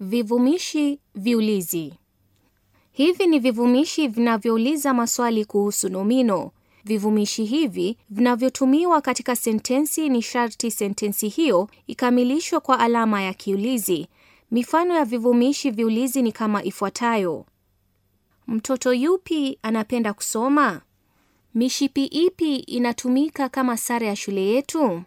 Vivumishi viulizi. Hivi ni vivumishi vinavyouliza maswali kuhusu nomino. Vivumishi hivi vinavyotumiwa katika sentensi ni sharti sentensi hiyo ikamilishwe kwa alama ya kiulizi. Mifano ya vivumishi viulizi ni kama ifuatayo: mtoto yupi anapenda kusoma? Mishipi ipi inatumika kama sare ya shule yetu?